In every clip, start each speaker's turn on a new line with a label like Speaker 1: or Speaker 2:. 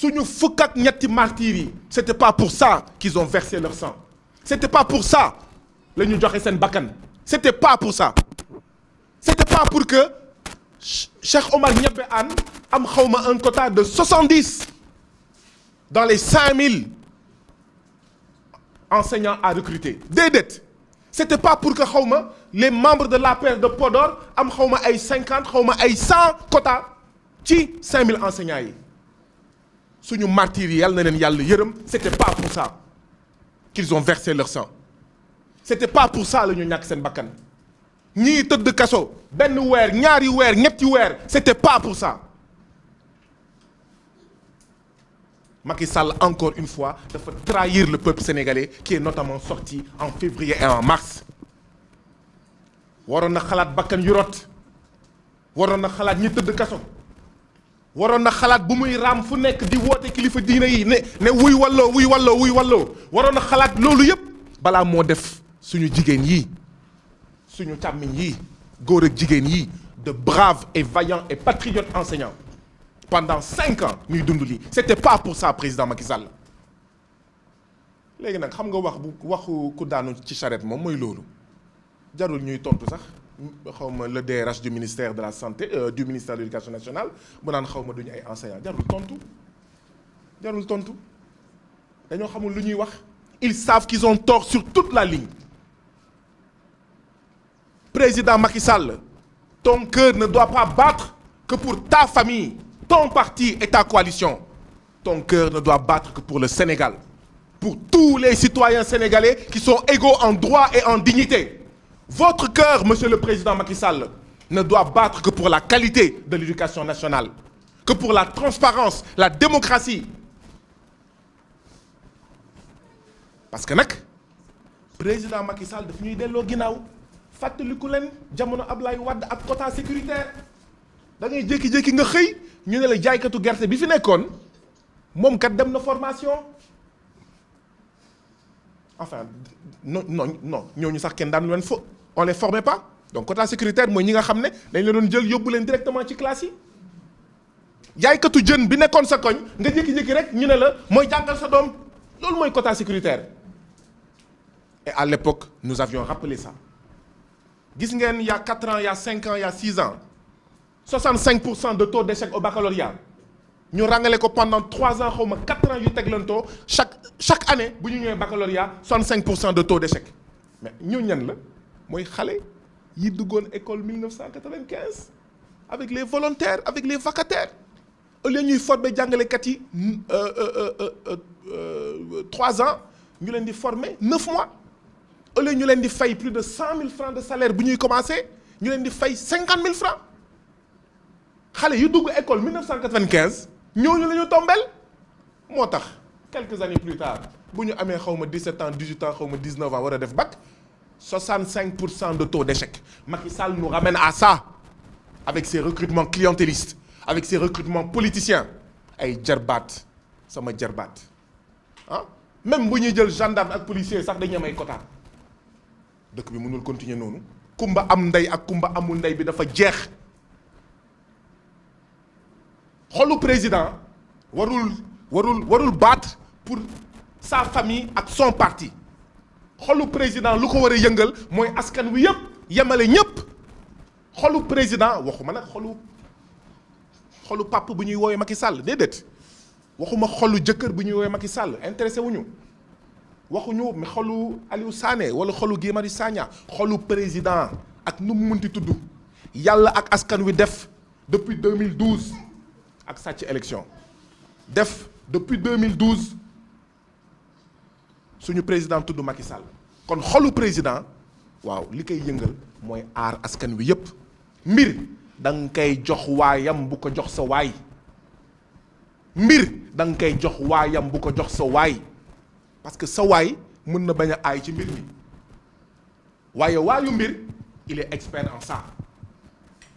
Speaker 1: suñu fukk ak ñetti martyrs yi c'était pas pour ça qu'ils ont versé leur sang c'était pas pour ça la ñu joxe seen bakkan c'était pas pour ça c'était pas pour que Cheikh Omar Niabe Anne am xawma un quota de 70 dans les 5000 enseignants à recruter déedéet c'était pas pour que xawma les membres de la l'APR de Podor am xawma ay 50 xawma ay 100 quotas ci 5000 enseignants yi suñu martyrs yi yàlla na leen yàlla yërëm c'était pas pour ça qu'ils ont versé leur sang c'était pas pour ça la ñu ñàkk seen bakkan ñii tëdd kaso benn weer ñaari weer ñetti weer c'était pas pour ça Macky Sall encore une fois dafa trahir le peuple sénégalais qui est notamment sorti en février et en mars waroon na xalaat bakkan yu rot waroon na xalaat ñi tëdd kaso waroon na xalaat bu muy raam fu nekk di woote kilifa diine yi ne ne wuy walloo wuy walloo wuy walloo waroon na xalaat loolu yëpp balaa moo def suñu jigéen yi suñu càmmiñ yi góor ak jigéen yi de braves et vaillants et patriotes enseignants pendant cinq ans ñuy dund lii c'était pas pour ça président Macky Sall léegi nag xam nga wax bu waxu ku daanu ci charrette moom mooy loolu jarul ñuy tontu sax. xaw ma le DRH du ministère de la santé euh, du ministère de l'éducation nationale xaw ma duñu ay enseignants jarul tontu jarul tontu dañoo xamul lu ñuy wax ils savent qu'ils ont tort sur toute la ligne président Macky Sall ton cœur ne doit pas battre que pour ta famille ton parti et ta coalition ton cœur ne doit battre que pour le Sénégal pour tous les citoyens sénégalais qui sont égaux en droit et en dignité Votre cœur, monsieur le président Macky Sall, ne doit battre que pour la qualité de l'éducation nationale, que pour la transparence, la démocratie. Parce que nag président Macky Sall daf ñuy delloo ginnaaw fàttaliku leen jamono Ablaye Wade ak quota sécuritaire da ngay jékki-jékki nga xëy ñu ne la jaaykatu gerte bi fi nekkoon moom kat dem na formation enfin non non ñoo ñu sax kenn daan lu leen fo on les formait pas donc quota sécuritaire mooy ñi nga xam ne dañ la doon jël yóbbu leen directement ci classe yi jaaykatu jën bi nekkoon sa koñ nga jékki-jékki rek ñu ne la mooy jàngal sa doom loolu mooy quota sécuritaire et à l'époque nous avions rappelé ça gis ngeen y a 4 ans y cinq 5 ans y a ans pour cent de taux d'échec au baccalauréat ñu ràngale ko pendant 3 ans xaw ma 4 ans yu teglantoo chaque chaque année bu ñu ñëwee baccalauréat 65 pour cent de to d'échec mais ñu ñan la mooy xale yi duggoon école cent 1995 avec les volontaires avec les vacataires au lieu ñuy former jàngalekat yi euh, euh, euh, trois ans ñu leen di forme neuf mois au lieu ñu leen di fay plus de cent mille francs de salaire bu ñuy commencé ñu leen di fay cinquante mille francs xale yu dugg école cent 1995 ñooñu la ñu tombeel moo tax quelques années plus tard bu ñu amee xaw ma 17 ans 18 ans ma 19 ans war a def bac 65 pour cent de taux d'échec Macky Sall nous ramène à ça avec ses recrutements clientélistes avec ses recrutements politiciens ay jarbaat sama jarbaat ah même bu ñuy jël gendarme ak policier sax dañu may ay quota dëkk bi mënul continuer noonu kumba am ndey ak kumba amul ndey bi dafa jeex xolu président warul warul warul baat pour sa famille ak son parti xolu président lu ko war a yëngal mooy askan wi yëpp yemale ñëpp xolu président waxuma nag xolu xolu pàpp bu ñuy woowee Macky sàll déedéet waxuma xolu jëkkër bu ñuy woowee Macky Sall intéressé wuñu waxuñu xolu Aliou Sané wala xolu Guy Marius xolu président ak nu mu munti tudd yàlla ak askan wi def depuis mille 2012 ak sàcc élection def depuis 2012. suñu président tudd Macky Sall kon xolu président waaw li koy yëngal mooy aar askan wi yépp mbir da nga koy jox waayam bu ko jox sa waay mbir da koy jox waayam bu ko jox sa waay parce que sa mën na bañ a aay ci mbir mi waaye waayu mbir il est expert en ça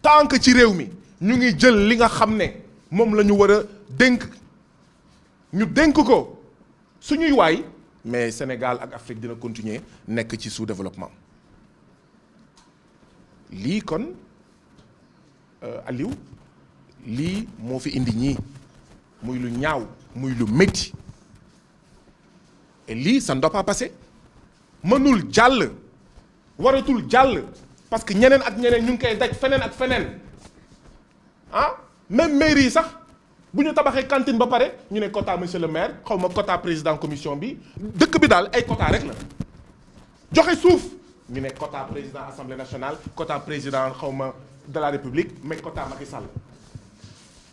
Speaker 1: tant que ci réew mi ñu ngi jël li nga xam ne moom la ñu war a dénk ñu dénk ko suñuy waay mais Sénégal ak Afrique dina continuer nekk ci sous-développement lii kon euh, aliw lii moo fi indi ñii muy lu ñaaw muy lu métti lii sa ne doit pas mënul jàll waratul jàll parce que ñeneen ak ñeneen ñu ngi koy daj feneen ak feneen ah même mairie sax. bu ñu tabaxee cantine ba pare ñu ne quota monsieur le maire xawma cota quota président commission bi dëkk bi daal ay cota rek la joxe suuf ñu ne cota président assemblée nationale quota président xaw ma de la république mais quota Macky Sall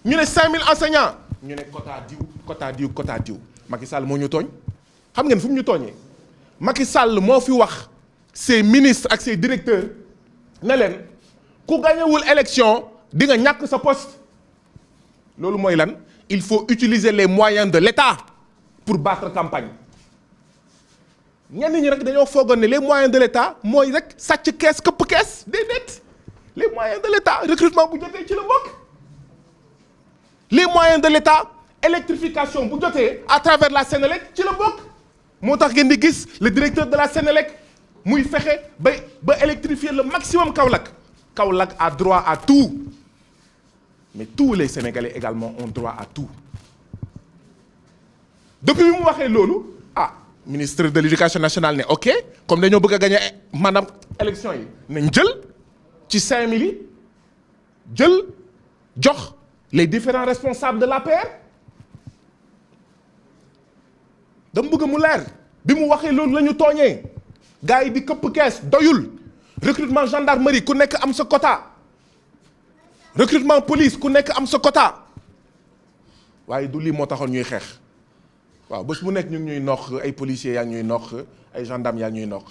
Speaker 1: ñu ne 5000 enseignants ñu ne quota diw quota diw quota diw Macky Sall moo ñu tooñ xam ngeen fu mu ñu tooñee Macky Sall moo fi wax ses ministre ak ses directeurs ne leen ku gañewul élection di ñàkk sa post loolu mooy lan il faut utiliser les moyens de l'État pour battre campagne ñenn ñi rek dañoo foogoon ne les moyens de l'État mooy rek sàcc kees këpp kees déedéet les moyens de l'État recrutement bu jotee ci la bokk les moyens de l'État électrification bu jotee à travers la Sénélec ci la bokk moo tax ngeen di gis le directeur de la Sénélec muy fexe ba ba électrifier le maximum Kaolack Kaolack à droit à tout mais tous les Sénégalais également ont droit à tout depuis bi mu waxee loolu ah ministre de l'éducation nationale ne ok comme dañoo bëgg a gagner maanaam élection yi nañ jël ci 5000 yi jël jox les différents responsables de la l'APR dama bëgg mu leer bi mu waxee loolu lañu ñu tooñee gars yi di këpp kees doyul recrutement gendarmerie ku nekk am sa quota. recrutement police ku nekk am sa quota waaye du lii moo taxoon ñuy xeex waaw bés bu nekk ñu ñuy noq ay policiers yaa ñuy noq ay gendarmes yaa ngi ñuy noq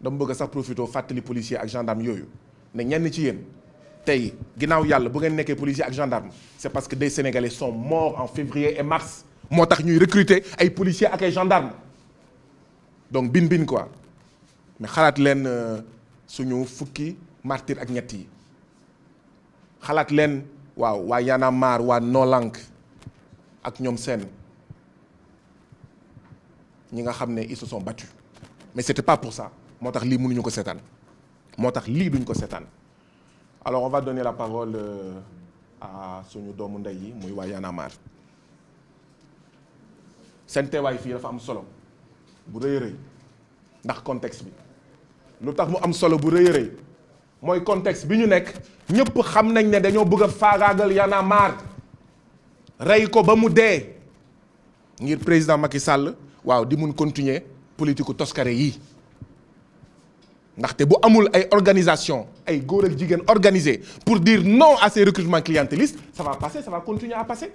Speaker 1: dama bëgg sax profité fàttali policiers ak gendarmes yooyu ne ñenn ci yéen tey ginnaaw yàlla bu ngeen nekkee policier ak gendarme c'est parce que de sénégalais sont morts en février et mars moo tax ñuy recruter ay policiers ak ay gendarmes donc bin bin quoi mais xalaat leen euh, suñu fukki martir ak ñett yi. xalaat leen waaw waa Y'en a marre waa No ak ñoom seen ñi nga xam ne ils se sont battus mais c'était pas pour ça moo tax lii mënuñu ko seetaan moo tax lii duñ ko seetaan alors on va donner la parole euh, à suñu doomu ndey yi muy waa Y'en a marre seen teewaay fii dafa am solo bu rëy a rëy ndax contexte bi lu tax mu am solo bu rëy a rëy mooy contexte bi ñu nekk ñëpp xam nañ ne dañoo bëgg a faagaagal Y'en a rey ko ba mu dee ngir président Macky Sall waaw di mun continuer politiku toskare yi ndaxte bu amul ay organisation ay góor ak jigéen organisé pour diir non à ces recrutements clientélistes ça va passer ça va continuer à passer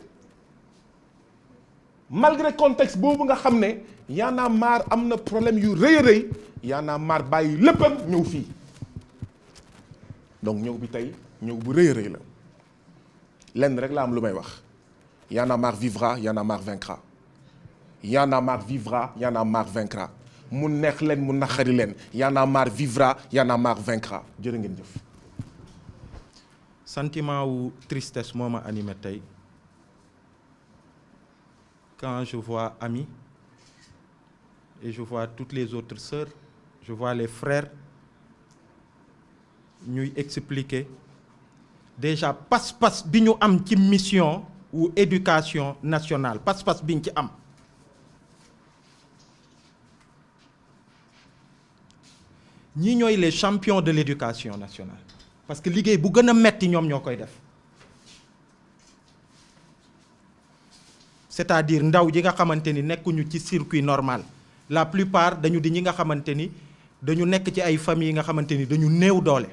Speaker 1: malgré contexte boobu nga xam ne Y'en a am na problème yu rëy rëy Y'en a marre bàyyi léppam ñëw fii donc ñëw bi tey ñëw bu rëy rëy la lenn rek la am lu may wax Y en a marre vivra Y en a marre vaincra Y en a marre vivra Y en a marre vaincra leen mu a marre vivra Y en a marre jërë ngeen jëf.
Speaker 2: sentiment wu tristesse moo ma animé tey quand je vois Ami et je vois toutes les autres sœurs je vois les frères. ñuy expliquer déjà pas-pas bi ñu am ci mission wu éducation nationale pas-pas biñ ci am ñii ñooy les champions de l'éducation nationale parce que liggéey bu gën a metti ñoom ñoo koy def c'est-à-dire ndaw ji nga xamante ni nekkuñu ci circuit normal la plupart dañu di ñi nga xamante ni dañu nekk ci ay famille yi nga xamante ni dañu néew doole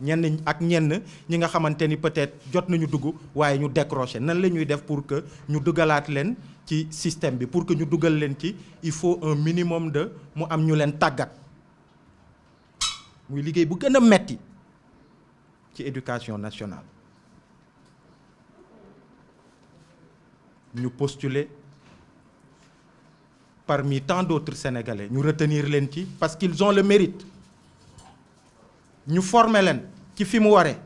Speaker 2: ñenn ak ñenn ñi nga xamante ni peut-être jot nañu dugg waaye ñu décroché nan la ñuy def pour que ñu dugalaat leen ci système bi pour que ñu dugal leen ci il faut un minimum de mu am ñu leen tàggat muy liggéey bu gën a metti ci éducation nationale ñu postuler parmi tant d'autres Sénégalais ñu retenir leen ci parce qu'ils ont le mérite ñu former leen ci fi mu waree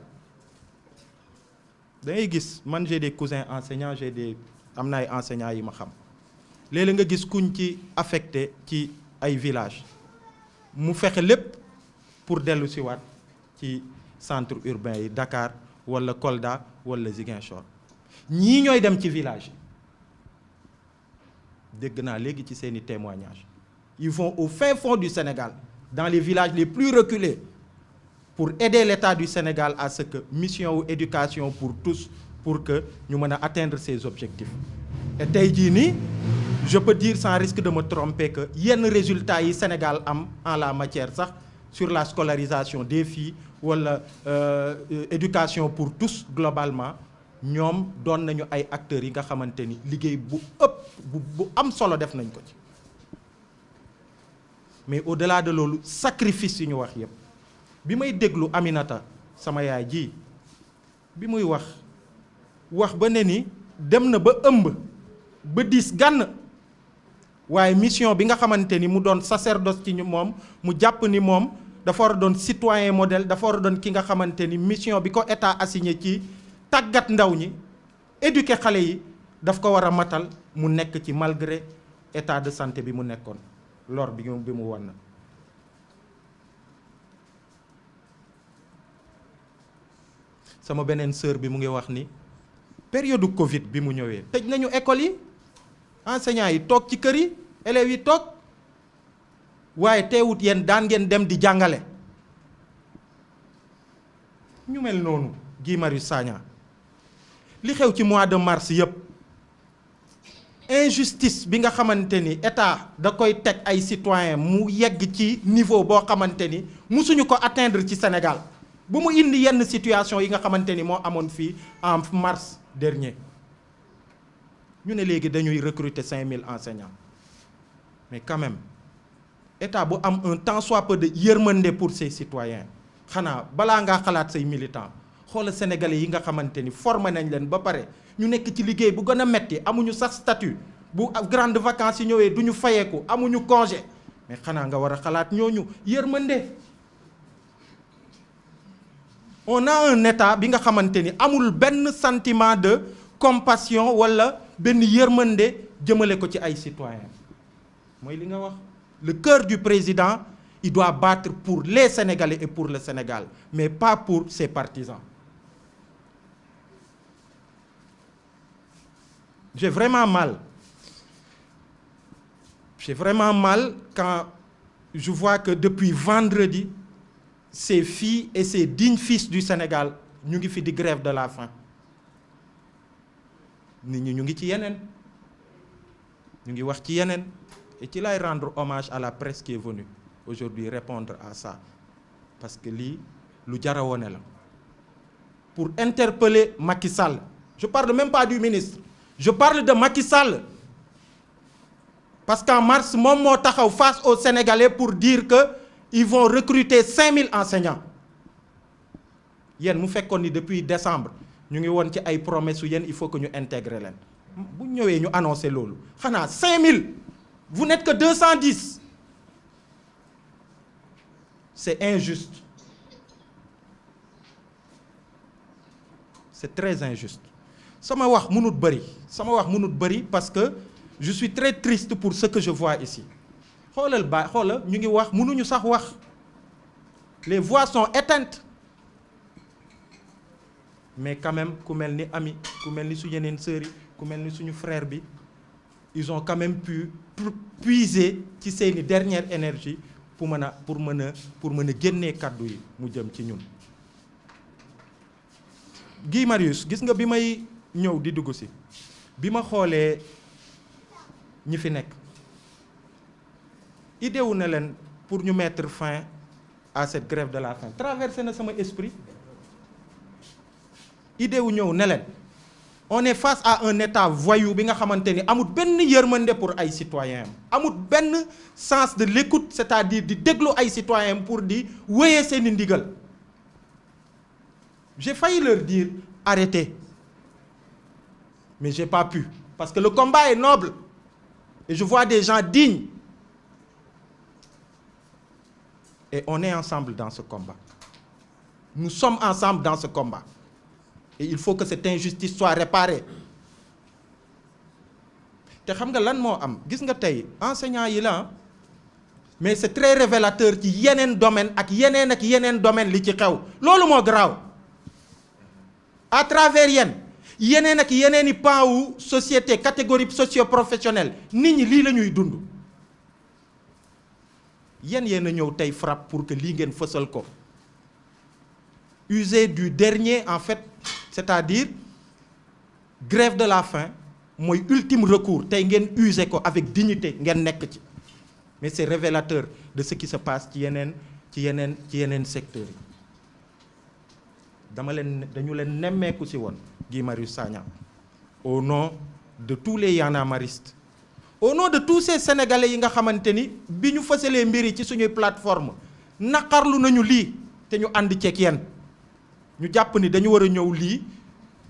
Speaker 2: dangay gis man j'ai des cousins enseignants j'ai des am na ay enseignants yi ma xam léeg-léeg nga gis kuñ ci affecté ci ay village mu fexe lépp pour dellu siwaat ci centre urbain yi Dakar wala Kolda wala Ziguinchor ñii ñooy dem ci village yi dégg naa léegi ci seeni témoignages il vont au fin fond du Sénégal dans les villages les plus reculés pour aider l'État du Sénégal à ce que mission wu éducation pour tous pour que ñu mën a atteindre ses objectifs tey jii nii je peux dire sans risque de me tromper yenn résultat yi Sénégal am en la matière sax sur la scolarisation des filles wala euh, euh, éducation pour tous globalement ñoom doon nañu ay acteurs yi nga xamante ni liggéey bu ëpp bu am solo def nañ ko ci mais au-delà de loolu sacrifice yi ñu wax yépp bi may déglu Aminata sama yaay ji bi muy wax wax ba ne ni dem na ba ëmb ba diis gànn waaye mission bi nga xamante ni mu doon sacerdoce ci ñu moom mu jàpp ni moom dafa war doon citoyen modèle dafa war doon ki nga xamante ni mission bi ko état assigné ci tàggat ndaw ñi éduquer xale yi daf ko war a matal mu nekk ci malgré état de santé bi mu nekkoon lor bi mu bi mu wan na sama beneen sœur bi mu ngi wax ni période Covid bi mu ñëwee tëj nañu école yi enseignants yi toog ci kër yi élèves yi toog waaye teewut yéen daan ngeen dem di jàngale ñu mel noonu Guy Marius Sagna li xew ci mois de mars yëpp injustice bi nga xamante ni état da koy teg ay citoyen mu yegg ci niveau boo xamante ni musuñu ko atteindre ci Sénégal bu mu indi yenn situation yi nga xamante ni moo amoon fii en mars dernier ñu ne léegi dañuy recruter 5000 enseignants mais quand même bu am un temps soit peu de yërmande pour ses citoyens xanaa balaa ngaa xalaat say militants xoola sénégalais yi nga xamante ni formé nañ leen ba pare ñu nekk ci liggéey bu gën a metti amuñu sax statut bu grande vacances yi ñëwee duñu ñu fayeeku amuñu congé mais xanaa nga war a xalaat ñooñu yërmande. on a un état bi nga xamante ni amul benn sentiment de compassion wala benn yërmande jëmale ko ci ay citoyens mooy li nga wax le cœur du président il doit battre pour les Sénégalais et pour le Sénégal mais pas pour ses partisans j'ai vraiment mal j'ai vraiment mal quand je vois que depuis vendredi ces filles et ces digne fils du Sénégal ñu ngi fi di grève de la faim nit ñi ñu ngi ci yeneen ñu ngi wax ci yeneen et ci lay rendre hommage à la presque qui est venue aujourd'hui répondre à ça parce que lii lu jarawone la pour interpeller Macky Sall je parle même pas du je parle de Macky Sall parce qu'en mars moom moo taxaw face au Sénégalais pour dire que ils vont recruter 5000 enseignants yéen mu fekkoon ni depuis décembre ñu ngi woon ci ay promesses yéen il faut que ñu intégrer leen bu ñëwee ñu annoncé loolu xanaa 5000 vous n'êtes que 210 c'est injuste c'est très injuste sama wax munut bëri sama wax mënut bëri parce que je suis très triste pour ce que je vois ici. xoolal ba xoola ñu ngi wax mënuñu sax wax les voix sont éteintes mais quand ku mel ni ami ku mel ni su yeneen sœurs ku mel ni suñu frère bi ils ont quand même pu puiser ci seeni dernière énergie pour mën a pour mën a pour mën a génnee kàddu yi mu jëm ci ñun Guy Marius gis nga bi may ñëw di dugg si bi ma xoolee ñi fi nekk idée wu ne leen pour ñu mettre fin à cette grève de la faim traversé na sama esprit idée wu ñëw ne leen on est face à un état voyou bi nga xamante ni amul benn yërmande pour ay citoyens amul benn sens de l'écoute c'est-à-dire di déglu ay citoyens pour di wéyee seeni ndigal je failli leur dire arrêtez mais j'ai pas pu parce que le combat est noble et je vois des gens dignes Et on est ensemble dans ce combat. Nous sommes ensemble dans ce combat. il faut que cette injustice soit réparée. te xam nga lan moo am gis nga tey enseignant yi la mais c'est très révélateur ci yeneen domaine ak yeneen ak yeneen domaine li ci xew loolu moo garaaw à travers yenn yeneen ak yeneen i pan wu société catégorie socio-professionnelle nit ñi lii la ñuy dund yan yéen a ñëw tey frappe pour que lii ngeen fësal ko use du dernier en fait c'est-à-dire grève de la faim mooy ultime recours tey ngeen user ko avec dignité ngeen nekk ci mais c'est révélateur de ce qui se passe ci yeneen ci yeneen ci yeneen secteur yi dama leen dañu leen nemmeeku si woon Guy Marius Sagna au nom de tous les yanamaristes au nom de tous ces sénégalais yi nga xamante ni bi ñu fësalee mbir yi ci suñuy plateforme naqarlu nañu lii te ñu ànd ceeg yéen ñu jàpp ni dañu war a ñëw lii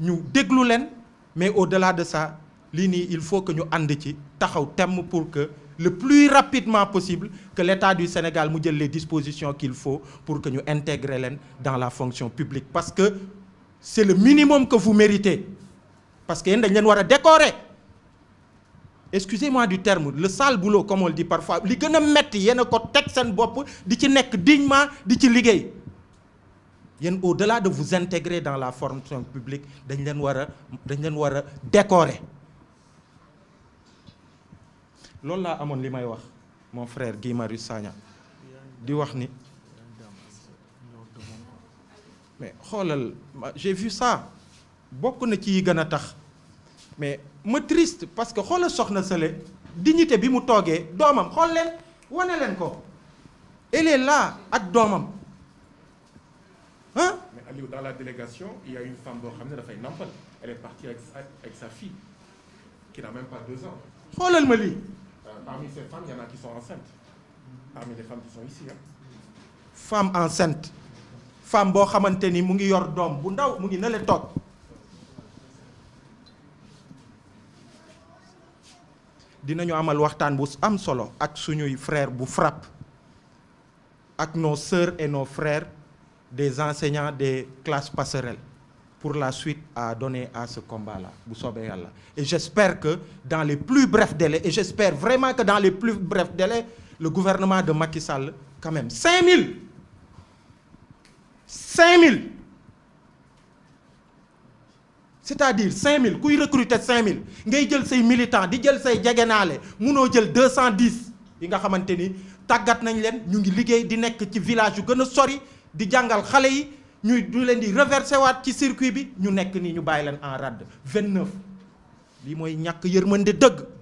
Speaker 2: ñu déglu leen mais au-delà de ça lii nii il faut que ñu ànd ci taxaw temm pour que le plus rapidement possible que l'État du Sénégal mu jël les disposition qu'il faut pour que ñu intégrer leen dans la fonction publique parce que c'est le minimum que vous méritez parce que yéen dañ leen war a décorer excusez-moi du terme le sale boulot comme on li dit parfois li gën a metti yéen a ko teg seen bopp di ci nekk dignement di ci liggéey yéen au-delà de vous intégrer dans la fonction publique dañ leen war a dañ leen war a décorer loolu laa amoon li may wax mon frère Guy Marius Sagna di wax ni mais xoolal j'ai vu ça bokk na ci yi gën a tax mais ma triste parce que xoolal soxna sële dignité bi mu toogee doomam xool leen wane leen ko elle est là ak doomam
Speaker 1: mais Aliou dans la délégation il a boo xam ne dafay nampal elle est partie avec xoolal ma lii. Euh, parmi ces femmes a qui sont enceintes parmi les femmes
Speaker 2: qui femme boo xamante ni mu ngi yor doom bu ndaw mu ngi na le toog. dinañu amal waxtaan bu am solo ak suñuy frères bu FRAPP ak nos sœurs et nos frères des enseignants des classes passerelles pour la suite à donner à ce combat-là bu soobee yàlla et j'espère que dans les plus brefs délais et j'espère vraiment que dans les plus brefs délais le gouvernement de Macky Sall quand même 5000 5000 c'est-à-dire mille kuy recruter 5000 ngay jël say militant di jël say jegenaale munoo jël 210 yi nga xamante ni tàggat nañ leen ñu ngi liggéey di nekk ci village yu gën a sori di jàngal xale yi ñuy du leen di reversé waat ci circuit bi ñu nekk nii ñu bàyyi leen en rade 29 lii mooy ñàkk yërmande dëgg.